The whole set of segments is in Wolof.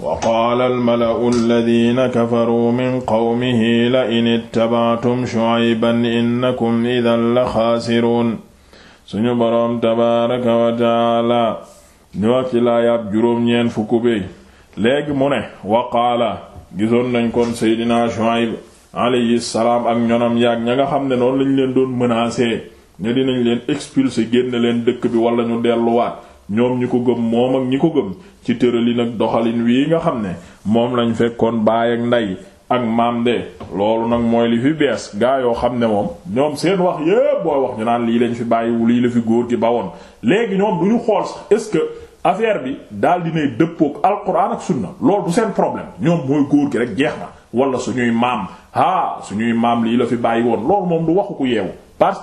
wa qaala almalau alladina kafaruu min qawmihi la in ittabaatum shuayban innakum idan la xaasiruun suñu boroom tabaaraka wa taala ñu wax ci laayaab juróom-ñeent fukku bi léegi mu ne wa qaala gisoon nañ kon seydinaa Shuayb alayhi salaam ak ñonom yaag ña nga xam ne noonu lañ leen doon menacé ne dinañ leen expulser génn leen dëkk bi walla ñu delluwaat ñoom ñi ko gëm moom ak ñi ko gëm ci tëralin ak doxalin wii nga xam ne moom lañ fekkoon baay ak ndey ak maam de loolu nag mooy li fi bees gaa yoo xam ne moom ñoom seen wax yépp booy wax ñu naan lii lañ fi bàyyiwu lii la fi góor gi bawoon léegi ñoom du ñu xool sax est-ce que affaire bi daal dinay dëppook alquran ak sunna loolu du seen problème ñoom mooy góor gi rek jeex na wala suñuy maam haa suñuy maam lii la fi bàyyi woon loolu moom du waxu ku yeewu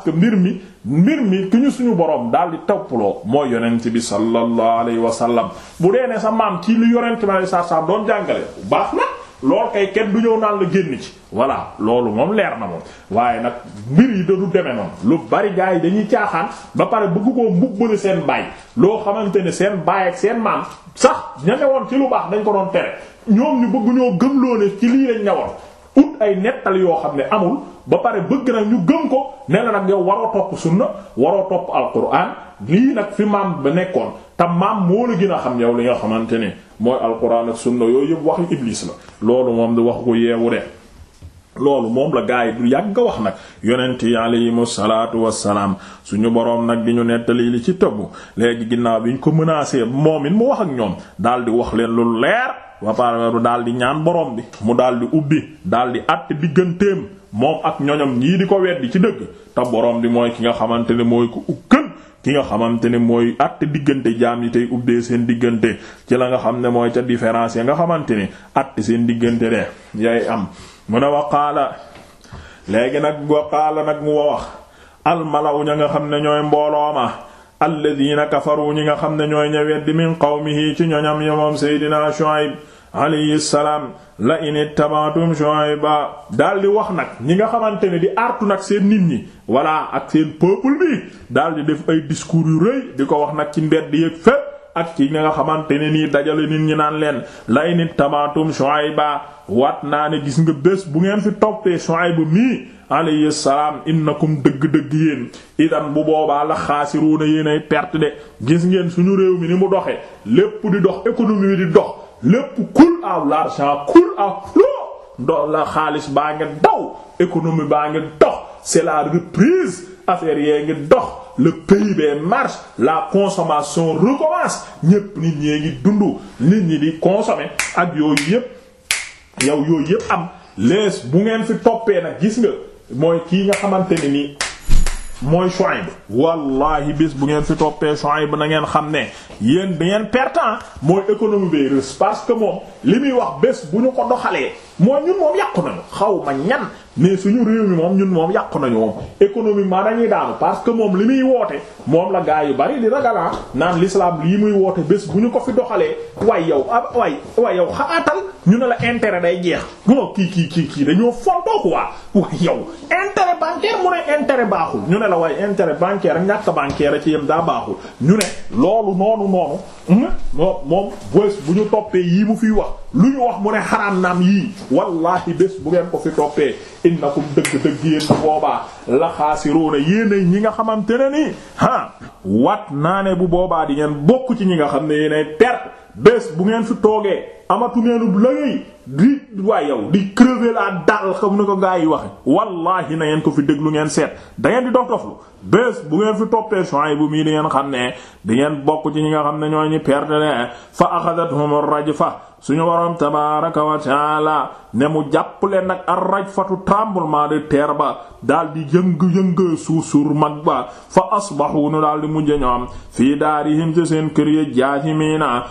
mi mbir mi ki ñu suñu borom daal di toppaloo mooy yonent bi sallallahu alayhi wa sallam bu dee ne sa maam ci lu yonent bi saa saa doon jàngale baax na lool kay kenn du ñëw naan la génn ci voilà loolu moom leer na moom waaye nag mbir yi da du demee noonu lu bari gars yi dañuy caaxaan ba pare bëgg koo mbubbale seen baay loo xamante ne seen baay ak seen maam sax ña ne woon ci lu baax dañ ko doon tere ñoom ñu bëgg ñoo gëmloo ne ci lii lañ ne woon ut ay nettal yoo xam ne amul ba pare bëgg nag ñu gën ko ne la nag yow waroo topp sunna waroo topp alquran lii nag fi maam ba nekkoon tam maam moo la gën a xam yow li nga xamante ne mooy alquran ak sunna yooyu yëpp waxi iblis la loolu moom di wax ko yeewu de loolu moom la gaa yi du yàgg wax nag yonent yi aleyhimu salaatu wassalaam suñu boroom nag di ñu nettali li ci tëbb léegi ginnaaw bi ñu ko menacé moom it mu wax ak ñoom daal di wax leen lu leer ba pare daal di ñaan boroom bi mu daal di ubbi daal di àtt digganteem moom ak ñoñom ñii di ko weddi ci dëgg te boroom bi mooy ki nga xamante ne mooy ko ukkan ki nga xamante ne mooy àtte diggante jaam yi tey ubbee seen diggante ci la nga xam ne mooy ca différence nga xamante ne àtte seen diggante de am mu ne waqaala léegi nag waqaala nag mu wax almalaw ña nga xam ne ñooy mbooloo ma alladina kafaru ñi nga xam ne ñooy ñaweddi min qawmihi ci ñoñam ya moom seydina Shuayb alayhi salaam la in ittaba'tum Shuayba daal di wax nag ñi nga xamante ne di artu nag seen nit ñi voilà ak seen peuple bi daal di def ay discours yu rëy di ko wax nag ci mbedd yéeg fépp ak ci nga xamante ne nii dajale nit ñi naan leen lay nit tamaatum baa waat naa ne gis nga bés bu ngeen fi toppee Shuayba mii alayhi na innakum dëgg-dëgg yéen idan bu boobaa la xaasiruuna yéen ay perte de gis ngeen suñu réew mi ni mu doxee lépp di dox économie di dox lépp coule à l'argent coule à flot ndox la xaalis baa ngi daw économie baa ngi daw c'est la reprise affaire yee ngi dox le PIB marche la consommation recommence ñépp nit ñee ngi dund nit ñi di consommer ak yooyu yépp yow yooyu yépp am lees bu ngeen fi toppee nag gis nga mooy kii nga xamante ni nii mooy Shuaib wallahi bis bu ngeen fi toppee Shuaib na ngeen xam ne yéen bi ngeen perte mooy économie bi parce que moom li muy wax bés bu ñu ko doxalee mooy ñun moom yàqu nañu xaw ma ñan mais suñu réew mi moom ñun moom yàqu nañu moom économiquement dañuy daanu parce que moom li muy woote moom la gaa yu bari di ragalaa ah, naan l'islam lii muy woote bés bu ñu ko fi doxalee waay yow a ah, waay waay yow xaatal ñu ne la intérêt day jeex non kii kii kii kii dañoo fontoo quoi waay yow intérêt bancaire mu ne intérêt baaxul ñu ne la waaye intérêt bancaire ñàkk bancaire a ci yem daa baaxul ñu ne loolu noonu noonu hmm? moom moom bés bu ñu toppee yii mu fiy wax lu ñu wax mu ne xaraam naam yii wallahi bés bu ngeen ko fi toppee na innakum dëgg-dëgg yéen na boobaa la xaasiruuna yéen ñi nga xamante ne nii ah wat naa ne bu boobaa di ngeen bokk ci ñi nga xam ne yéenay perte bés bu ngeen fi toogee. amatu neenub lëgéey di waay yow di crever la dal xam ne ko gaa yi waxe wallahi na ngeen ko fi déglu ngeen seet da ngeen di dof doflu bés bu ngeen fi toppee yi bu mii di ngeen xam ne di ngeen bokk ci ñi nga xam ne ñoo ñi perte ne fa axadathum rajfa suñu waroom tabaraka wa taala ne mu jàpp leen nag ar rajfatu tremblement de terre ba daal di yëng-yëng suuf suur mag ba fa asbahu nu daal di mujj ñoom fii daarihim ci seen kër yi jaahimiina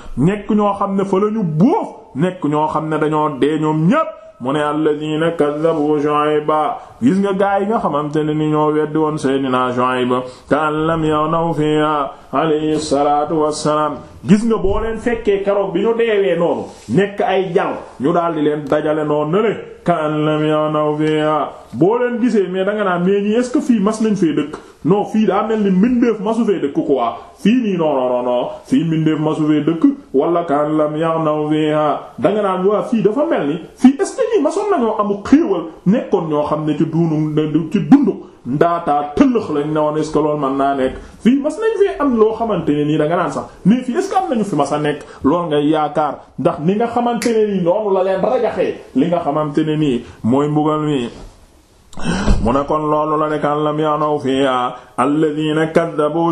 suuf nekk ñoo xam ne dañoo dee ñoom ñépp mu ne alladina kaddabu Shuayba gis nga gaa yi nga xamante ne ni ñoo weddi woon Seydina Shuayba ka an lam yawnaw fiha alayhi salaatu wassalaam gis nga boo leen fekkee keroog bi ñu deewee noonu nekk ay jal ñu daal di leen dajale noonu na le kaan lam yanaw fiha boo leen gisee mais da nga naan mais ñi fii mas nañ fee dëkk non fii daa mel ni mbindeef masu fee dëkk quoi fii nii non non dëkk wala kaan lam yanaw fiha da waa fii dafa mel ni fii est-ce que ñi nañoo amu xéewal nekkoon ñoo xam ne ci duunu ci dundu ndaataa tëllëx lañ ne woon est-ce que loolu mën naa nekk fii mas nañ fi am loo xamante ne nii da naan sax mais fii est-ce que am nañu fi mas a nekk loolu ngay yaakaar ndax ni nga xamante ne nii noonu la leen rajaxee li nga xamante ne nii mooy mbugal mi mu ne kon loolu la rek an lam yanaw fiha alladhina kaddabu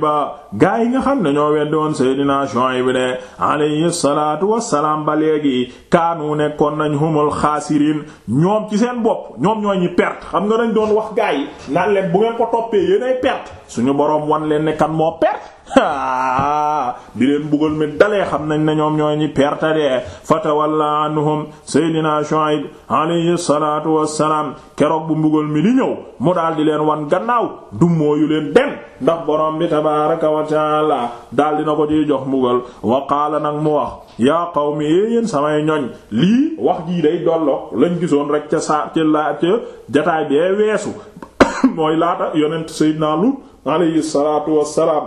ba gaa yi nga xam ne ñoo weddi woon Seydina Shuayb bi de alayhi salaatu wassalaam ba léegi kaanu nekkoon nañ humul xaasiriin ñoom ci seen bopp ñoom ñooy ñi perte xam nga dañ doon wax gaa yi naan leen bu ngeen ko toppee yéenay perte suñu boroom wan leen ne kan moo perte bi leen buggal mi dalee xam nañ ne ñoom ñooy ñi perte de fatawalla anhum seydina Shuayb alayhi salaatu wassalaam keroog bu mbugal mi di ñëw mu dal di leen wan gannaaw du mooyu leen dem ndax borom bi tabaaraka wa taala daal di na ko ciy jox mbugal wa nag mu wax yaa qawmi yéen samay ñoñ lii wax jii day dollo lañ gisoon rek ca saa ca laa ca jataay bee weesu mooy laata yonent seydina Lut alayhi salaatu wassalaam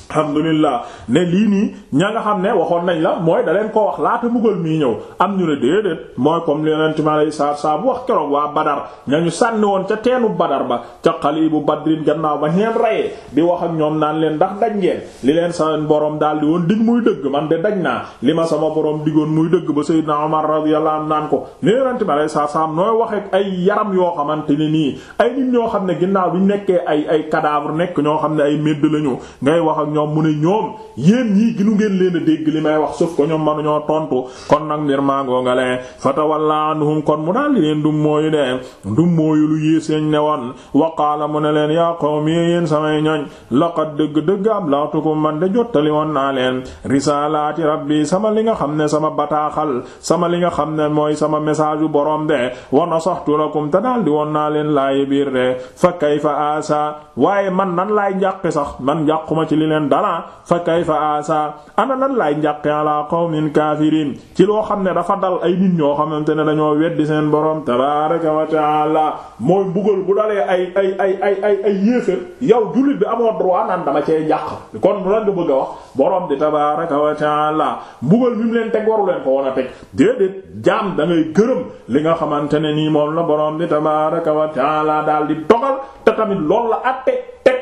alhamdulillah ne lii nii ña nga xam ne waxoon nañ la mooy da leen koo wax laata mbugal mii ñëw am ñu ne déedéet mooy comme li yonent mi alayhi salaatu salaam wax keroog waa Badar ña ñu sànni woon ca teenu Badar ba ca qalibu Badrin gannaaw ba ñeen rayee bi wax ak ñoom naan leen ndax daj ngeen li leen seen boroom daal di woon dig muy dëgg man de daj naa li ma sama borom digoon muy dëgg ba Seydina Omar radiyallahu anhu naan ko li yonent mi alayhi salaatu salaam nooy waxee ay yaram yoo xamante ne nii ay ñoo xam ne ginnaaw bi ñu nekkee ay ay cadavre nekk ñoo xam ne ay médd lañu ngay ñoom mu ne ñoom yéen ñii ginu ngeen leen dégg li may wax sauf ko ñoom manuñoo tontu kon nag mbir maangoo nga lee fatawalla anhum kon mu daal di leen dum mooyu de dum mooyu lu yéeséeñ ne woon waqaala mu ne leen yaa qawmi yéen samay ñoñ laqad dëgg-dëgg ablaatukum man de jottali woon naa leen risaalaati rabbi sama li nga xam ne sama bataaxal sama li nga xam ne mooy sama message borom de wa nasaxtu lakum te daal woon naa leen laayi biir de fa kayfa dala fa kayfa asa ana nan laay njàqe ala qawmin kaafiriin ci loo xam ne dafa dal ay nit ñoo xamante ne dañoo weddi seen borom tabaaraka wa taala mooy mbugal bu dalee ay ay ay ay ay ay yéeféer yow jullit bi amoon droit naan dama cee njàq kon mu la nga bëgg a wax boroom di tabaaraka wa taala mbugal mi mu leen teg waru ko woon a teg déedéet jaam da ngay gërëm li nga xamante ne nii moom la borom di tabaaraka wa taala daal di dogal te tamit loolu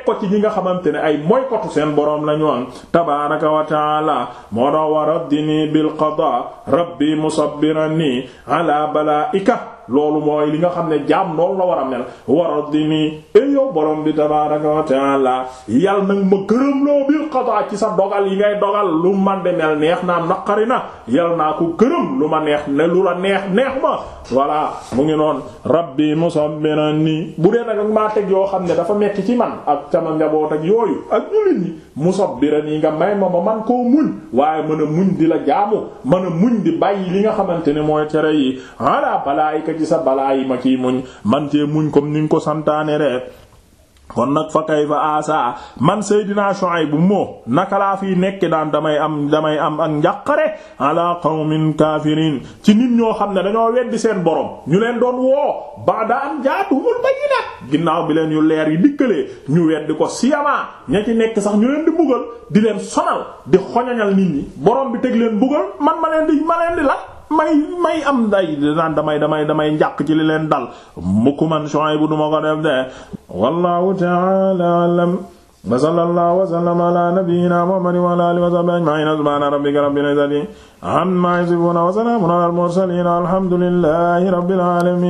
ko ci ñi nga xamante ne ay moykatu seen boroom lañu woon tabaaraka wa taala moo dox wa raddini bil qadaa rabbi musabbirani ala balaika loolu mooy li nga xam ne jaam noonu la war a mel waradini ey yow borom bi tabaaraka wa la yal nag ma gërëm loo bil qadaa ci sa dogal yi ngay dogal lu man de mel neex naa naqari na yal naa ko gërëm lu ma neex ne lu la neex neex ma voilà mu ngi noonu rabbi musabbirani bu dee nag maa teg yoo xam ne dafa metti ci man ak sama njaboot ak yooyu ak jullit ñi yi nga may ma ma man koo muñ waaye mën a muñ di la jaamu mën a li nga xamante ne mooy tere yi ci sa balaa yi ma ciy muñ man cee muñ ko santaane de kon nag fa kay fa asa man Seydina Shuayb bu moo naka laa fiy nekk daan damay am damay am ak njàqare ala qawmin kaafiriin ci nit ñoo xam ne dañoo weddi seen borom ñu leen doon woo ba'da an jaatuhumul bayyinaat ginnaaw bi leen yu leer yi dikkalee ñu weddi ko siyamaa ña ci nekk sax ñu leen di mbugal di leen sonal di xoñoñal nit ñi borom bi teg leen mbugal man ma leen di ma leen di la may may am day naan damay damay damay njàq ci li leen dal mukk man Shuayb bu duma ko def de wallahu ta'ala alam wa sallallahu wa sallama ala nabiyyina muhammadin wa ala alihi wa sahbihi ajma'in subhana rabbika rabbil izzati amma yasifun wa salamun ala al mursalin alhamdulillahi rabbil alamin